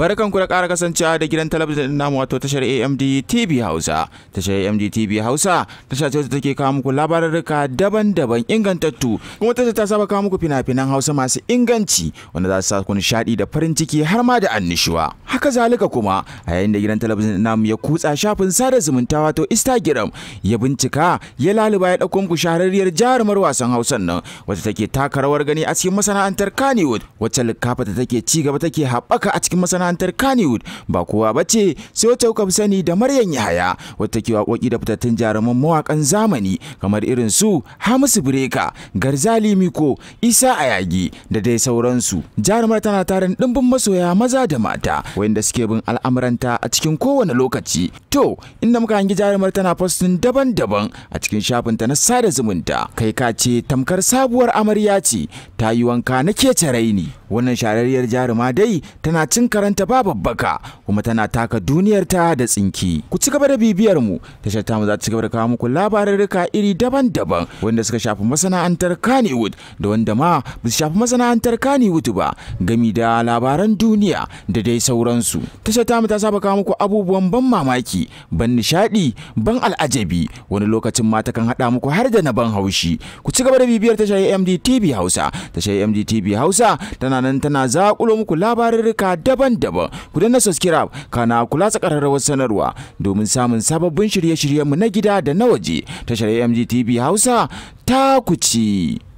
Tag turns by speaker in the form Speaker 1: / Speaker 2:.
Speaker 1: barkan ku da ƙara kasancewa da gidan talabijin namu wato tashar AMD TV Hausa. Tashar AMD TV Hausa tasha ce wacce take kawo muku labarurruka daban-daban ingantattu kuma tashar ta saba kawo muku fina-finan Hausa masu inganci wanda za su sa ku nishaɗi da farin ciki har ma da annishuwa. haka zalika kuma a yayin da gidan talabijin namu ya kutsa shafin sada zumunta wato instagram ya bincika ya laluba ya ɗauko muku shahararriyar jarumar wasan hausan nan wacce take taka rawar gani a cikin masana'antar kannywood wacce likafa ta take ci gaba take haɓaka a cikin masana'antar kannywood ba kowa ba ce sai wacce kuka fi sani da maryam yahaya wacce take waƙoƙi da fitattun jaruman mawakan zamani kamar irin su hamisu breka garzali miko isa ayagi da dai sauransu jarumar tana tarin ɗimbin masoya maza da mata wanda suke bin al'amuranta a cikin kowane lokaci to inda muka hangi jarumar tana postin daban-daban a cikin shafinta na sada zumunta kai ka ce tamkar sabuwar amarya ce ta yi wanka na ce ni. wannan shararriyar jaruma dai tana cin karanta ba babbaka kuma tana taka duniyar ta da tsinki ku ci gaba da bibiyar mu tashar tamu za ta ci gaba da kawo muku labarurruka iri daban-daban wanda suka shafi masana'antar Kannywood da wanda ma ba su shafi masana'antar Kannywood ba gami da labaran duniya da dai sauransu tashar tamu ta saba kawo muku abubuwan ban mamaki ban nishadi ban al'ajabi wani lokacin ma ta kan haɗa muku har da na ban haushi ku ci gaba da bibiyar tashar AMD TV Hausa tashar AMD TV Hausa tana nan tana zakulo muku labarurruka daban-daban ku danna subscribe kana kula tsakararrawar sanarwa domin samun sababbin shirye-shiryenmu na gida da na waje tashar MGTV Hausa ta kuci.